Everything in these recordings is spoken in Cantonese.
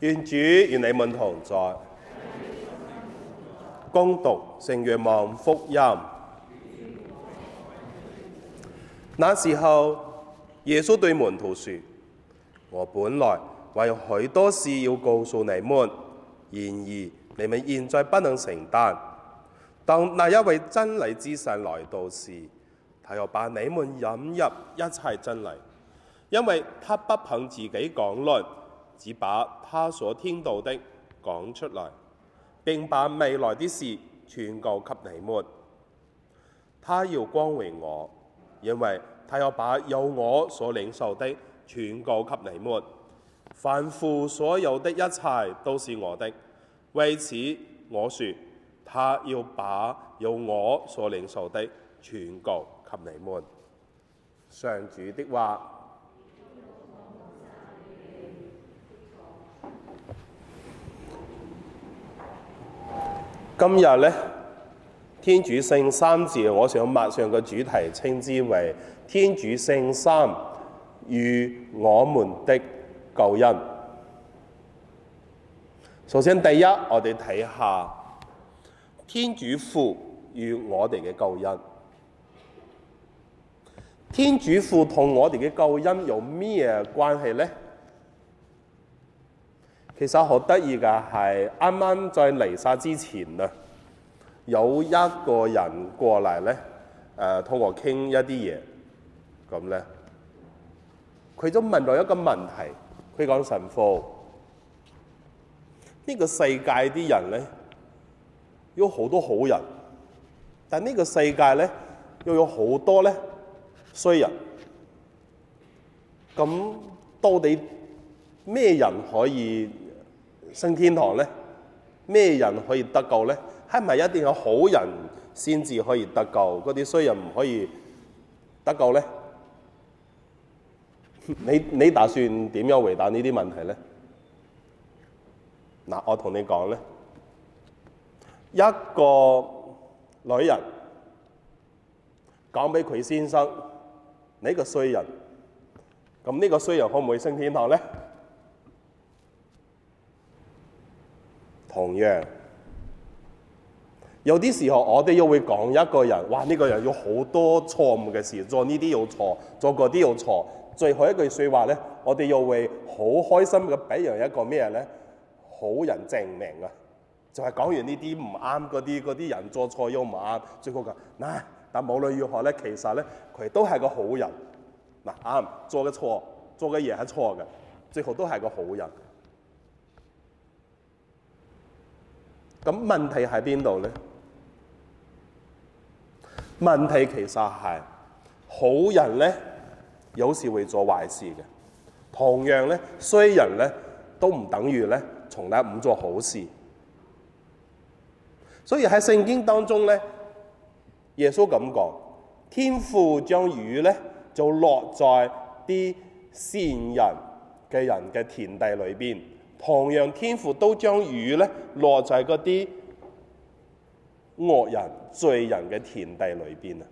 願主與你們同在，恭讀聖若望福音。那時候，耶穌對門徒說：我本來還有許多事要告訴你們，然而你們現在不能承擔。當那一位真理之神來到時，他又把你們引入一切真理，因為他不憑自己講論。只把他所聽到的講出來，並把未來的事傳告給你們。他要光榮我，因為他要把有我所領受的傳告給你們。凡父所有的一切都是我的，為此我說，他要把有我所領受的傳告給你們。上主的話。今日咧，天主聖三節，我想默上個主題，稱之為天主聖三與我們的救恩。首先，第一，我哋睇下天主父與我哋嘅救恩。天主父同我哋嘅救恩有咩關係咧？其實好得意嘅係，啱啱在彌撒之前啊，有一個人過嚟咧，誒、呃，同我傾一啲嘢，咁咧，佢就問到一個問題，佢講神父，呢、這個世界啲人咧，有好多好人，但呢個世界咧，又有好多咧衰人，咁到底咩人可以升天堂呢？咩人可以得救呢？係咪一定有好人先至可以得救，嗰啲衰人唔可以得救呢？你你打算點樣回答呢啲問題呢？嗱，我同你講咧，一個女人講俾佢先生，你個衰人，咁呢個衰人可唔可以升天堂咧？同樣，有啲時候我哋又會講一個人，哇！呢個人有好多錯誤嘅事，做呢啲又錯，做嗰啲又錯。最後一句説話咧，我哋又會好開心咁俾人一個咩咧？好人證明啊！就係講完呢啲唔啱嗰啲嗰啲人做錯又唔啱，最後講嗱，但無論如何咧，其實咧佢都係個好人。嗱啱，做嘅錯，做嘅嘢係錯嘅，最後都係個好人。咁問題喺邊度咧？問題其實係好人咧有時會做壞事嘅，同樣咧衰人咧都唔等於咧從來唔做好事。所以喺聖經當中咧，耶穌咁講：天父將雨咧就落在啲善人嘅人嘅田地裏邊。同樣天父都將雨咧落在嗰啲惡人罪人嘅田地裏邊啊！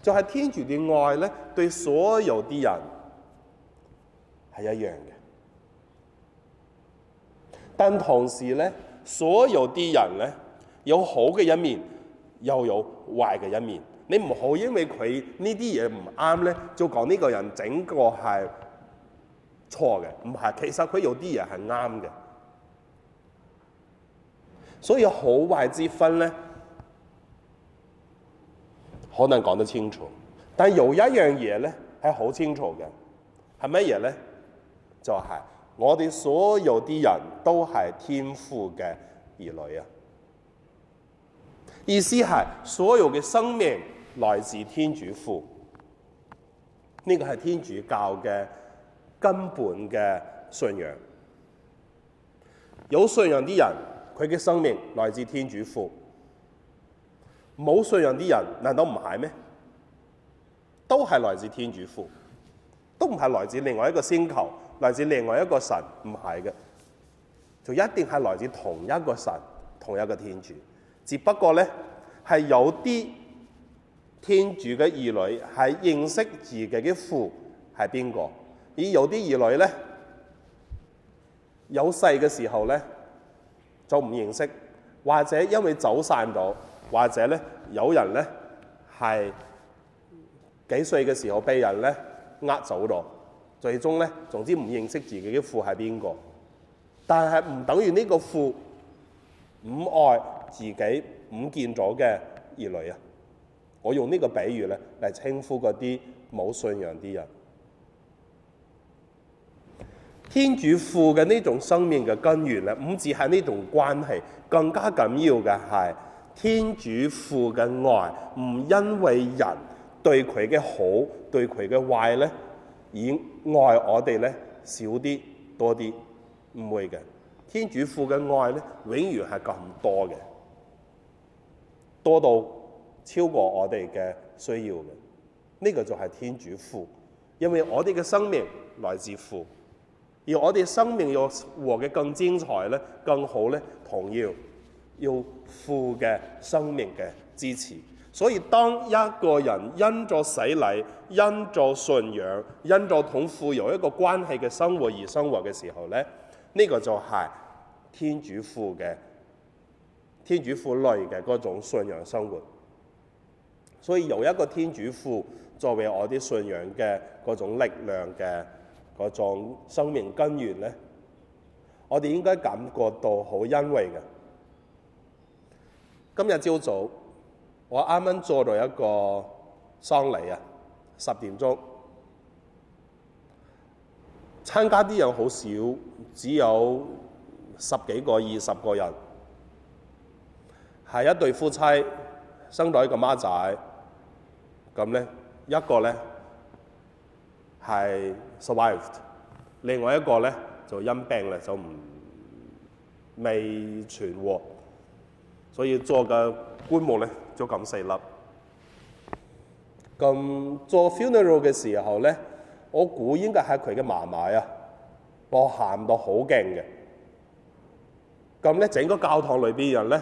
就係、是、天主嘅愛咧，對所有啲人係一樣嘅。但同時咧，所有啲人咧有好嘅一面，又有壞嘅一面。你唔好因為佢呢啲嘢唔啱咧，就講呢個人整個係，錯嘅，唔係，其實佢有啲嘢係啱嘅，所以好壞之分咧，可能講得清楚。但有一樣嘢咧係好清楚嘅，係乜嘢咧？就係、是、我哋所有啲人都係天父嘅兒女啊！意思係所有嘅生命來自天主父，呢、這個係天主教嘅。根本嘅信仰，有信仰啲人佢嘅生命來自天主父，冇信仰啲人難道唔係咩？都係來自天主父，都唔係來自另外一個星球，來自另外一個神，唔係嘅，就一定係來自同一個神，同一個天主。只不過咧係有啲天主嘅兒女係認識自己嘅父係邊個。而有啲兒女咧，有細嘅時候咧就唔認識，或者因為走散咗；或者咧有人咧係幾歲嘅時候被人咧呃走咗，最終咧總之唔認識自己嘅父係邊個。但係唔等於呢個父唔愛自己唔見咗嘅兒女啊！我用呢個比喻咧嚟稱呼嗰啲冇信仰啲人。天主父嘅呢種生命嘅根源咧，唔止係呢種關係，更加緊要嘅係天主父嘅愛，唔因為人對佢嘅好，對佢嘅壞咧，而愛我哋咧少啲多啲，唔會嘅。天主父嘅愛咧，永遠係咁多嘅，多到超過我哋嘅需要嘅。呢、呢個就係天主父，因為我哋嘅生命來自父。而我哋生命要活嘅更精彩咧，更好咧，同樣要，要父嘅生命嘅支持。所以當一個人因咗洗禮，因咗信仰、因咗同父有一個關係嘅生活而生活嘅時候咧，呢、這個就係天主父嘅、天主父類嘅嗰種信仰生活。所以由一個天主父作為我啲信仰嘅嗰種力量嘅。生命根源呢，我哋應該感覺到好欣慰嘅。今日朝早，我啱啱做咗一個喪禮啊，十點鐘。參加啲人好少，只有十幾個、二十個人，係一對夫妻，生咗一個媽仔，咁呢，一個呢。係 survived，另外一個咧就因病咧就唔未存活，所以做嘅棺木咧就咁四粒。咁做、嗯、funeral 嘅時候咧，我估應該係佢嘅嫲嫲啊，我喊到好勁嘅。咁咧整個教堂裏邊人咧，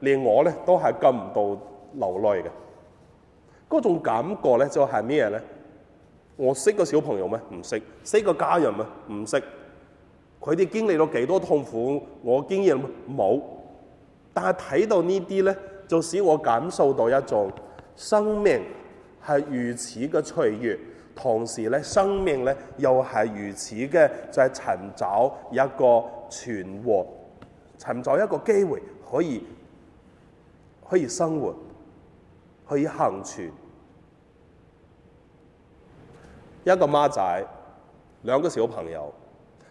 連我咧都係禁唔到流淚嘅。嗰種感覺咧就係咩咧？我識個小朋友咩？唔識，識個家人咩？唔識。佢哋經歷咗幾多痛苦，我經驗冇。但係睇到這些呢啲咧，就使我感受到一種生命係如此嘅脆弱，同時咧，生命咧又係如此嘅，就係、是、尋找一個存活，尋找一個機會可以可以生活，可以幸存。一個媽仔，兩個小朋友，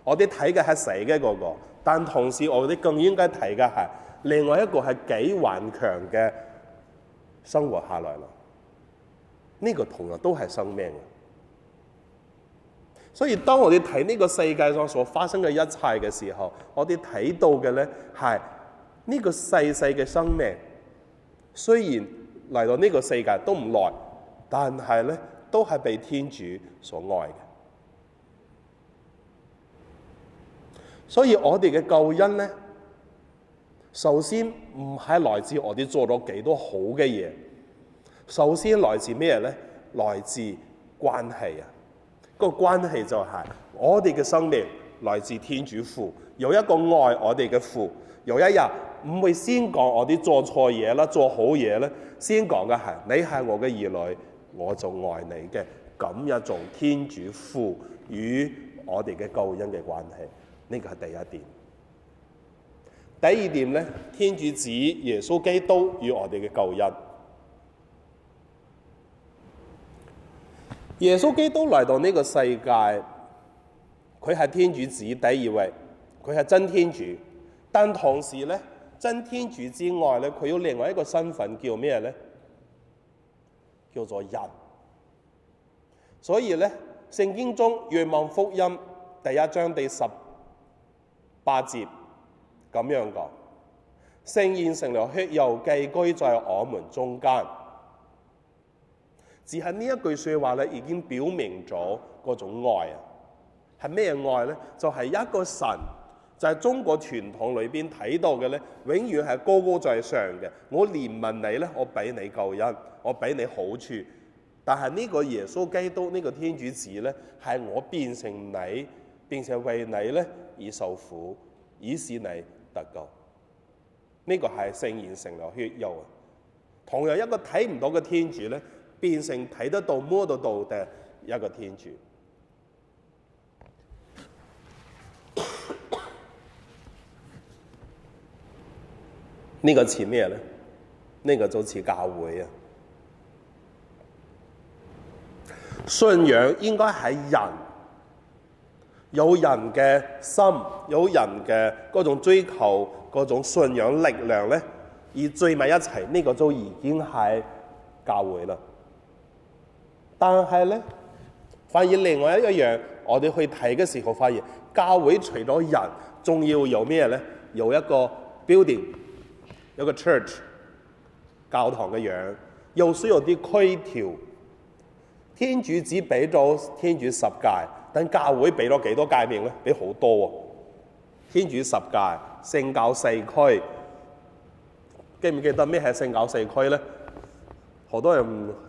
我哋睇嘅係死嘅嗰個，但同時我哋更應該睇嘅係另外一個係幾頑強嘅生活下來啦。呢個同樣都係生命的。所以當我哋睇呢個世界上所發生嘅一切嘅時候，我哋睇到嘅咧係呢個細細嘅生命，雖然嚟到呢個世界都唔耐，但係咧。都係被天主所愛嘅，所以我哋嘅救恩呢，首先唔係來自我哋做咗幾多好嘅嘢，首先來自咩呢？來自關係啊！個關係就係我哋嘅生命來自天主父，有一個愛我哋嘅父，有一日唔會先講我哋做錯嘢啦，做好嘢呢，先講嘅係你係我嘅兒女。我就愛你嘅。咁樣做天主父與我哋嘅救恩嘅關係，呢個係第一點。第二點咧，天主子耶穌基督與我哋嘅救恩。耶穌基督來到呢個世界，佢係天主子第二位，佢係真天主。但同時咧，真天主之外咧，佢有另外一個身份，叫咩咧？叫做人，所以咧，聖經中若望福音第一章第十八節咁樣講：聖言成了血肉寄居在我們中間。只係呢一句説話咧，已經表明咗嗰種愛啊！係咩愛咧？就係、是、一個神。就係中國傳統裏邊睇到嘅咧，永遠係高高在上嘅。我憐憫你咧，我俾你救恩，我俾你好處。但係呢個耶穌基督呢個天主子咧，係我變成你，並且為你咧而受苦，以使你得救。呢個係聖言成來血肉，同樣一個睇唔到嘅天主咧，變成睇得到摸得到嘅一個天主。呢個似咩呢？呢個就似教會啊！信仰應該喺人，有人嘅心，有人嘅各種追求，各種信仰力量呢。而聚埋一齊，呢個就已經係教會啦。但係呢，發現另外一一樣，我哋去睇嘅時候發現，教會除咗人，仲要有咩呢？有一個標點。有個 church 教堂嘅樣，又需要啲規條。天主只俾咗天主十戒，但教會俾咗幾多誡命咧？俾好多喎、啊。天主十戒，聖教四區，記唔記得咩係聖教四區咧？好多人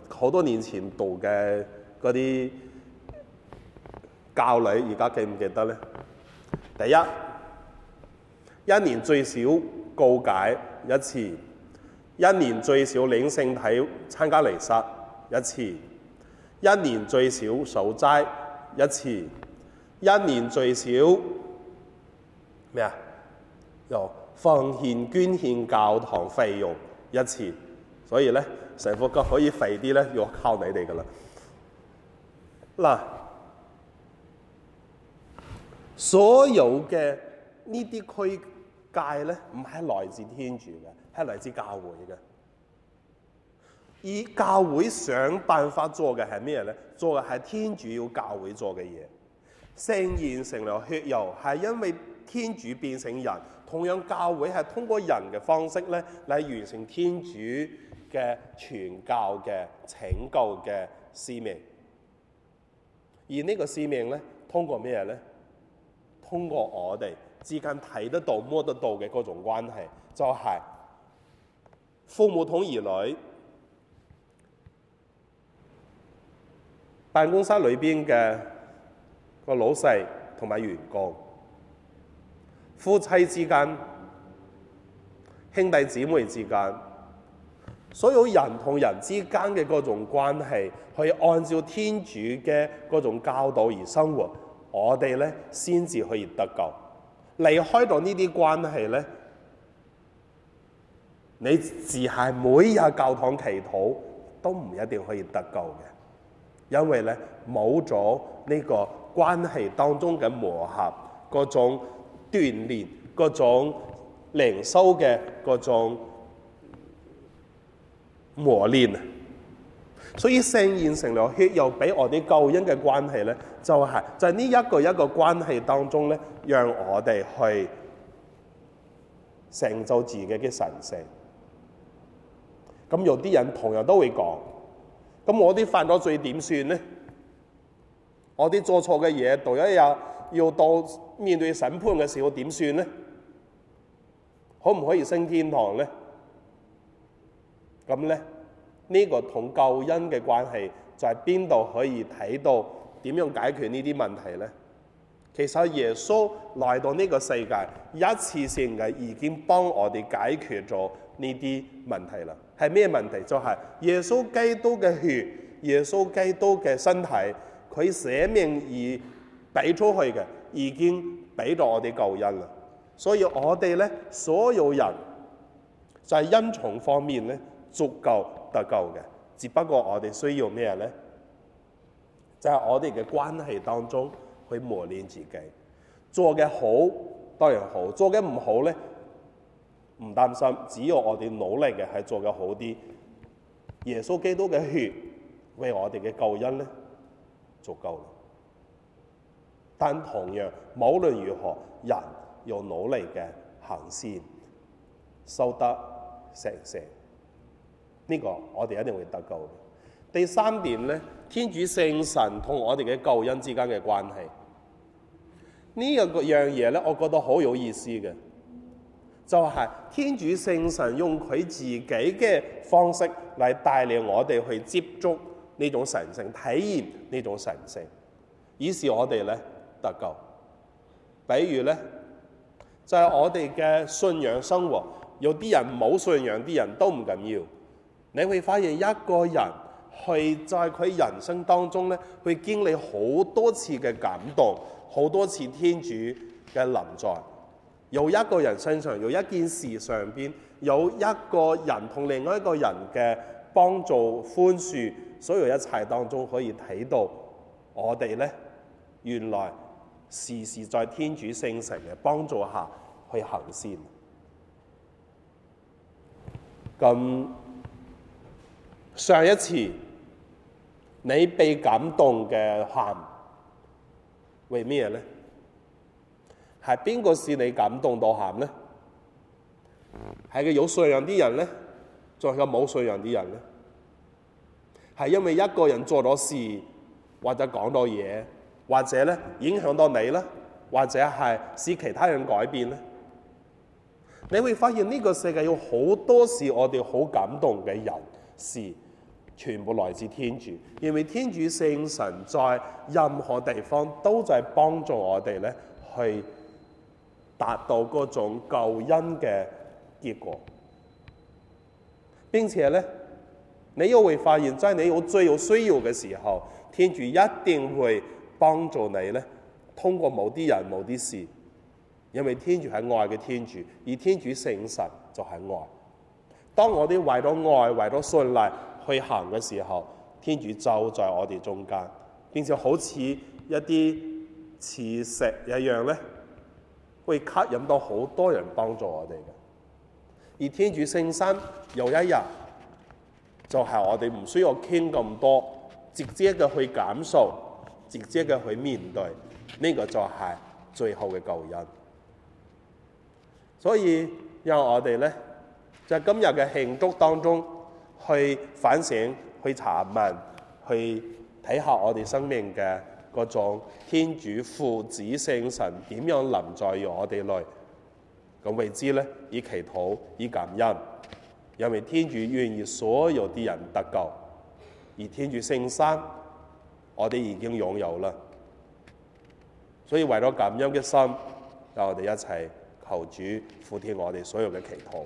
好多年前讀嘅嗰啲教理，而家記唔記得咧？第一，一年最少告解一次，一年最少領聖體參加彌撒一次，一年最少守齋一次，一年最少咩啊？又奉獻捐獻教堂費用一次，所以咧，神父哥可以肥啲咧，要靠你哋噶啦。嗱，所有嘅呢啲可界咧唔係來自天主嘅，係來自教會嘅。而教會想辦法做嘅係咩咧？做嘅係天主要教會做嘅嘢。聖言成了血肉，係因為天主變成人。同樣教會係通過人嘅方式咧嚟完成天主嘅傳教嘅拯救嘅使命。而呢個使命咧，通過咩咧？通過我哋。之間睇得到摸得到嘅嗰種關係，就係、是、父母同兒女，辦公室裏邊嘅個老細同埋員工，夫妻之間，兄弟姊妹之間，所有人同人之間嘅嗰種關係，去按照天主嘅嗰種教導而生活，我哋咧先至可以得救。離開到呢啲關係咧，你只係每日教堂祈禱都唔一定可以得救嘅，因為咧冇咗呢個關係當中嘅磨合，嗰種鍛鍊，嗰種靈修嘅嗰種磨練啊！所以聖言成了血，又俾我哋救恩嘅關係咧，就係就係呢一個一個關係當中咧，讓我哋去成就自己嘅神性。咁有啲人同樣都會講：咁我啲犯咗罪點算咧？我啲做錯嘅嘢，到一日要到面對審判嘅時候點算咧？可唔可以升天堂咧？咁咧？呢個同救恩嘅關係，就係邊度可以睇到，點樣解決呢啲問題呢？其實耶穌嚟到呢個世界，一次性嘅已經幫我哋解決咗呢啲問題啦。係咩問題？就係、是、耶穌基督嘅血、耶穌基督嘅身體，佢捨命而俾出去嘅，已經俾咗我哋救恩啦。所以我哋呢，所有人，就係恩從方面呢。足夠得夠嘅，只不過我哋需要咩咧？就係我哋嘅關係當中去磨練自己，做嘅好當然好，做嘅唔好咧，唔擔心。只要我哋努力嘅係做嘅好啲，耶穌基督嘅血為我哋嘅救恩咧足夠啦。但同樣，無論如何，人要努力嘅行先，修得成成。呢個我哋一定會得救。第三點咧，天主聖神同我哋嘅救恩之間嘅關係，呢、呢個個樣嘢咧，我覺得好有意思嘅，就係、係、天主聖神用佢自己嘅方式嚟帶領我哋去接觸呢種神性，體驗呢種神性，以使我哋咧得救。比如咧，就係、係、我哋嘅信仰生活，有啲人冇信仰，啲人都唔緊要。你會發現一個人去在佢人生當中咧，去經歷好多次嘅感動，好多次天主嘅臨在。有一個人身上，有一件事上邊，有一個人同另外一個人嘅幫助、寬恕，所有一切當中可以睇到我呢，我哋咧原來時時在天主聖神嘅幫助下去行先。咁。上一次你被感動嘅喊，為咩咧？係邊個使你感動到喊咧？係個有信仰啲人咧，仲係個冇信仰啲人咧？係因為一個人做咗事，或者講咗嘢，或者咧影響到你咧，或者係使其他人改變咧？你會發現呢個世界有好多使我哋好感動嘅人事。是全部來自天主，因為天主聖神在任何地方都在幫助我哋咧，去達到嗰種救恩嘅結果。並且咧，你又會發現，即係你有最有需要嘅時候，天主一定會幫助你咧。通過某啲人、某啲事，因為天主係愛嘅天主，而天主聖神就係愛。當我哋為咗愛、為咗信賴。去行嘅時候，天主就在我哋中間，變成好似一啲磁石一樣咧，會吸引到好多人幫助我哋嘅。而天主聖三有一日，就係、是、我哋唔需要傾咁多，直接嘅去感受，直接嘅去面對，呢、這個就係最後嘅救恩。所以，讓我哋咧，在、就是、今日嘅慶祝當中。去反省、去查問、去睇下我哋生命嘅嗰種天主父子聖神點樣臨在我哋內，咁未知咧，以祈禱，以感恩，因為天主願意所有啲人得救，而天主聖三我哋已經擁有啦，所以為咗感恩嘅心，教我哋一齊求主俯聽我哋所有嘅祈禱。